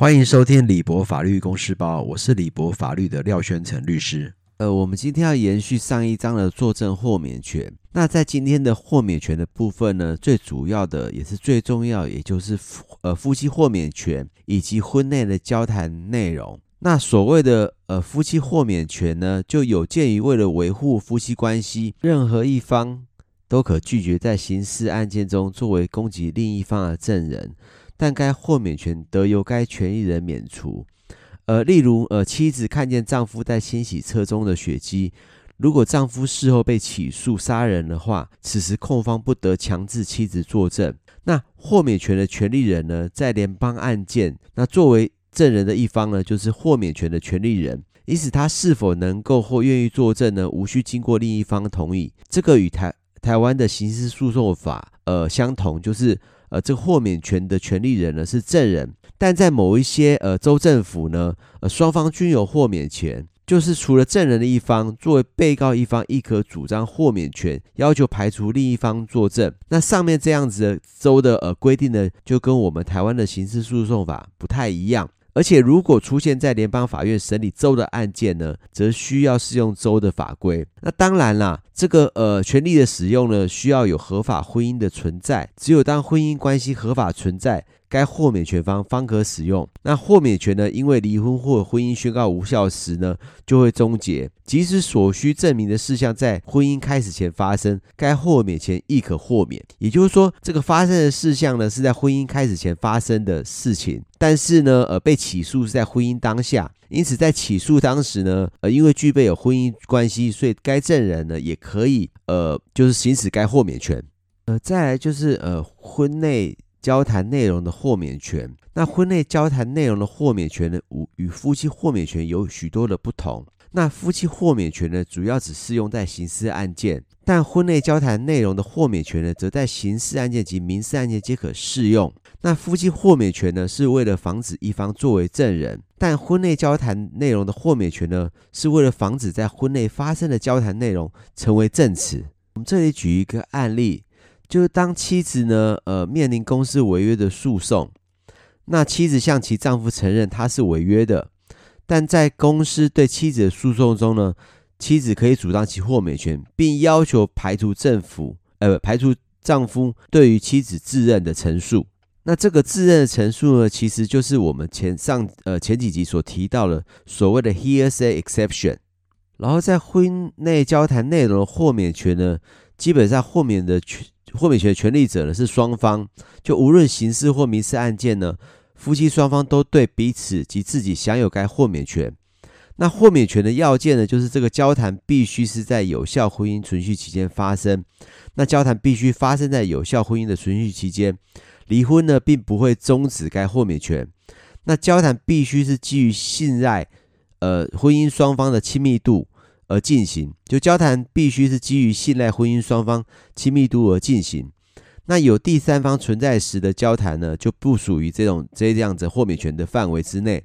歡迎收聽李博法律公事包，我是李博法律的廖宣成律師。呃，我們今天要延續上一章的作證豁免權。那在今天的豁免權的部分呢，最主要的也是最重要，也就是呃夫妻豁免權以及婚內的交談內容。那所謂的呃夫妻豁免權呢，就有鑑於為了維護夫妻關係，任何一方都可拒絕在刑事案件中作為攻擊另一方的證人。但該豁免權得由該權利人免除，呃，例如，呃，妻子看見丈夫在清洗車中的血跡，如果丈夫事後被起訴殺人的話，此時控方不得強制妻子作證。那豁免權的權利人呢，在聯邦案件，那作為證人的一方呢，就是豁免權的權利人，因此他是否能夠或願意作證呢，無需經過另一方同意。這個與台台灣的刑事訴訟法，呃，相同，就是。呃，這個豁免權的權利人呢，是證人，但在某一些呃州政府呢，呃，雙方均有豁免權，就是除了證人的一方，作為被告一方亦可主張豁免權，要求排除另一方作證。那上面這樣子的州的呃規定呢，就跟我們台灣的刑事訴訟法不太一樣。而且，如果出現在聯邦法院審理州的案件呢，則需要適用州的法規。那當然了，這個呃權利的使用呢，需要有合法婚姻的存在。只有當婚姻關係合法存在，該豁免權方方可使用。那豁免權呢，因為離婚或婚姻宣告無效時呢，就會終結。即使所需證明的事項在婚姻開始前發生，該豁免權亦可豁免。也就是說，這個發生的事項呢，是在婚姻開始前發生的事情。但是呢，呃，被起訴是在婚姻當下，因此在起訴當時呢，呃，因為具備有婚姻關係，所以該證人呢也可以，呃，就是行使該豁免權。呃，再來就是，呃，婚內。交談內容的豁免權，那婚內交談內容的豁免權呢，與夫妻豁免權有許多的不同。那夫妻豁免權呢，主要只適用在刑事案件，但婚內交談內容的豁免權呢，則在刑事案件及民事案件皆可適用。那夫妻豁免權呢，是為了防止一方作為證人，但婚內交談內容的豁免權呢，是為了防止在婚內發生的交談內容成為證詞。我們這裡舉一個案例。就是當妻子呢，呃，面臨公司違約的訴訟，那妻子向其丈夫承認他是違約的，但在公司對妻子的訴訟中呢，妻子可以主張其豁免權，並要求排除政府，呃，排除丈夫對於妻子自認的陳述。那這個自認的陳述呢，其實就是我們前上，呃，前幾集所提到的所謂的 hearsay exception。然後在婚內交談內容的豁免權呢，基本上豁免的權。豁免權權利者呢，是雙方，就無論刑事或民事案件呢，夫妻雙方都對彼此及自己享有該豁免權。那豁免權的要件呢，就是這個交談必須是在有效婚姻存續期間發生，那交談必須發生在有效婚姻的存續期間，離婚呢並不會終止該豁免權。那交談必須是基於信賴，呃，婚姻雙方的親密度。而進行，就，交談必須是基於信賴婚姻雙方親密度而進行。那有第三方存在時的交談呢，就不屬於這種這樣子豁免權的範圍之內。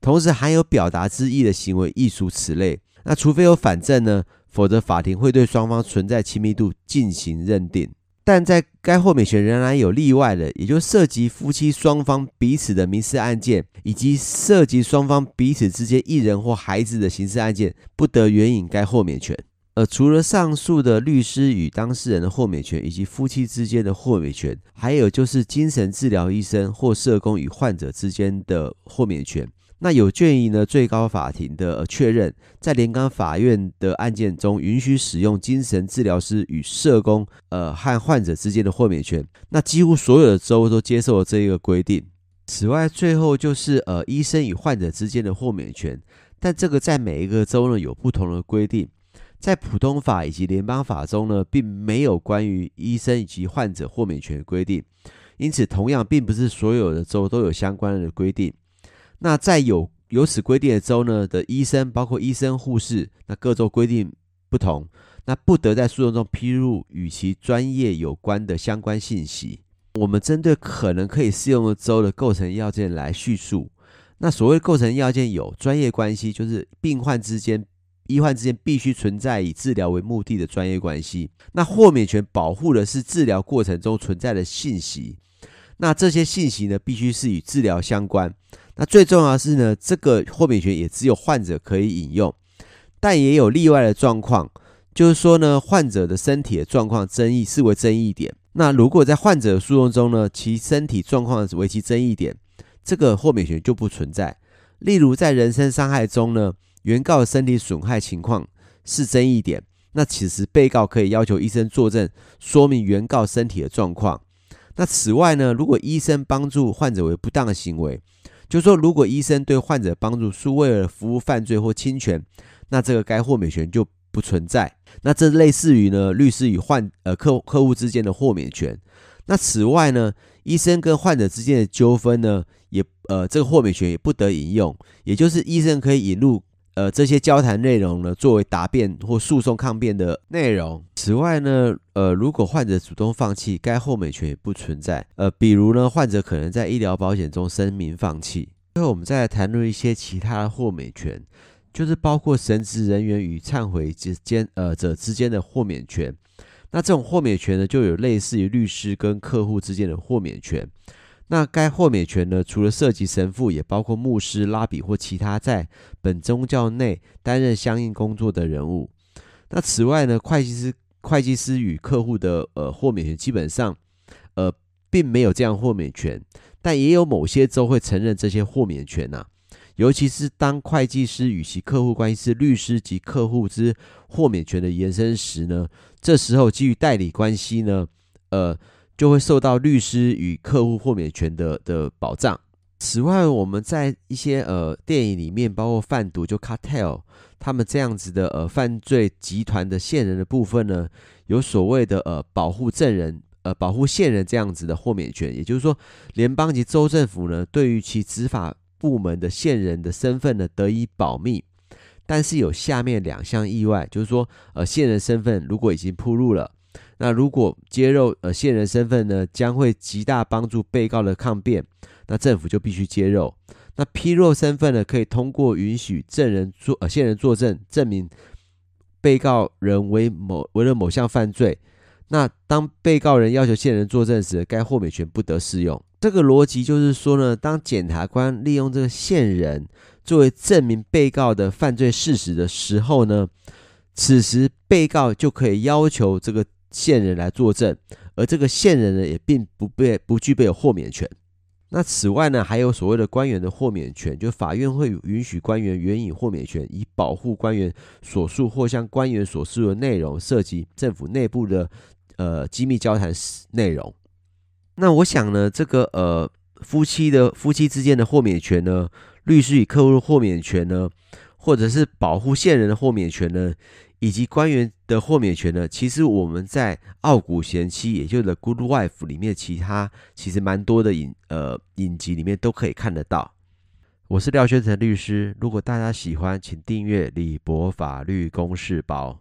同時含有表達之意的行為亦屬此類。那除非有反證呢，否則法庭會對雙方存在親密度進行認定。但在該豁免權仍然有例外的，也就涉及夫妻雙方彼此的民事案件，以及涉及雙方彼此之間一人或孩子的刑事案件，不得援引該豁免權。而除了上述的律師與當事人的豁免權，以及夫妻之間的豁免權，還有就是精神治療醫生或社工與患者之間的豁免權。那有建議呢？最高法庭的確認，在聯邦法院的案件中，允許使用精神治療師與社工，呃，和患者之間的豁免權。那幾乎所有的州都接受了這一個規定。此外，最後就是呃，醫生與患者之間的豁免權，但這個在每一個州呢有不同的規定。在普通法以及聯邦法中呢，並沒有關於醫生以及患者豁免權的規定，因此，同樣並不是所有的州都有相關的規定。那在有有此規定的州呢的醫生，包括醫生、護士，那各州規定不同，那不得在訴訟中披露與其專業有關的相關信息。我們針對可能可以適用的州的構成要件來敘述。那所謂構成要件有專業關係，就是病患之間、醫患之間必須存在以治療為目的的專業關係。那豁免權保護的是治療過程中存在的信息。那這些信息呢，必須是與治療相關。那最重要的是呢，這個豁免權也只有患者可以引用，但也有例外的狀況，就是說呢，患者的身體的狀況爭議視為爭議點。那如果在患者的訴訟中呢，其身體狀況為其爭議點，這個豁免權就不存在。例如在人身傷害中呢，原告的身體損害情況是爭議點，那此時被告可以要求醫生作證說明原告身體的狀況。那此外呢，如果醫生幫助患者為不當的行為。就是說，如果醫生對患者幫助是為了服務犯罪或侵權，那這個該豁免權就不存在。那這類似於呢，律師與患呃客客戶之間的豁免權。那此外呢，醫生跟患者之間的糾紛呢，也呃這個豁免權也不得引用。也就是醫生可以引入。呃，這些交談內容呢，作為答辯或訴訟抗辯的內容。此外呢，呃，如果患者主動放棄，該豁免權也不存在。呃，比如呢，患者可能在醫療保險中聲明放棄。最後，我們再來談論一些其他的豁免權，就是包括神職人員與懺悔之間呃者之間的豁免權。那這種豁免權呢，就有類似於律師跟客戶之間的豁免權。那該豁免權呢，除了涉及神父，也包括牧師、拉比或其他在本宗教內擔任相應工作的人物。那此外呢，會計師、會計師與客戶的呃豁免權基本上呃並沒有這樣豁免權，但也有某些州會承認這些豁免權吶、啊。尤其是當會計師與其客戶關係是律師及客戶之豁免權的延伸時呢，這時候基於代理關係呢，呃。就會受到律師與客戶豁免權的的保障。此外，我們在一些呃電影裡面，包括販毒就 cartel，他們這樣子的呃犯罪集團的線人的部分呢，有所謂的呃保護證人、呃保護線人這樣子的豁免權。也就是說，聯邦及州政府呢，對於其執法部門的線人的身份呢得以保密。但是有下面兩項例外，就是說，呃，線人身份如果已經暴露了。那如果揭露呃線人身份呢，將會極大幫助被告的抗辯，那政府就必須揭露，那披露身份呢，可以通過允許證人作呃線人作證，證明被告人為某為了某項犯罪。那當被告人要求線人作證時，該豁免權不得適用。這個邏輯就是說呢，當檢察官利用這個線人作為證明被告的犯罪事實的時候呢，此時被告就可以要求這個。線人來作證，而這個線人呢，也並不被不具備有豁免權。那此外呢，還有所謂的官員的豁免權，就法院會允許官員援引豁免權，以保護官員所述或向官員所述的內容，涉及政府內部的，呃，機密交談內容。那我想呢，這個，呃，夫妻的，夫妻之間的豁免權呢，律師與客戶的豁免權呢，或者是保護線人的豁免權呢？以及官員的豁免權呢，其實我們在《傲骨賢妻》也就是《Good Wife》裡面，其他其實蠻多的影呃，影集裡面都可以看得到。我是廖軒成律師，如果大家喜歡，請訂閱李博法律公事包。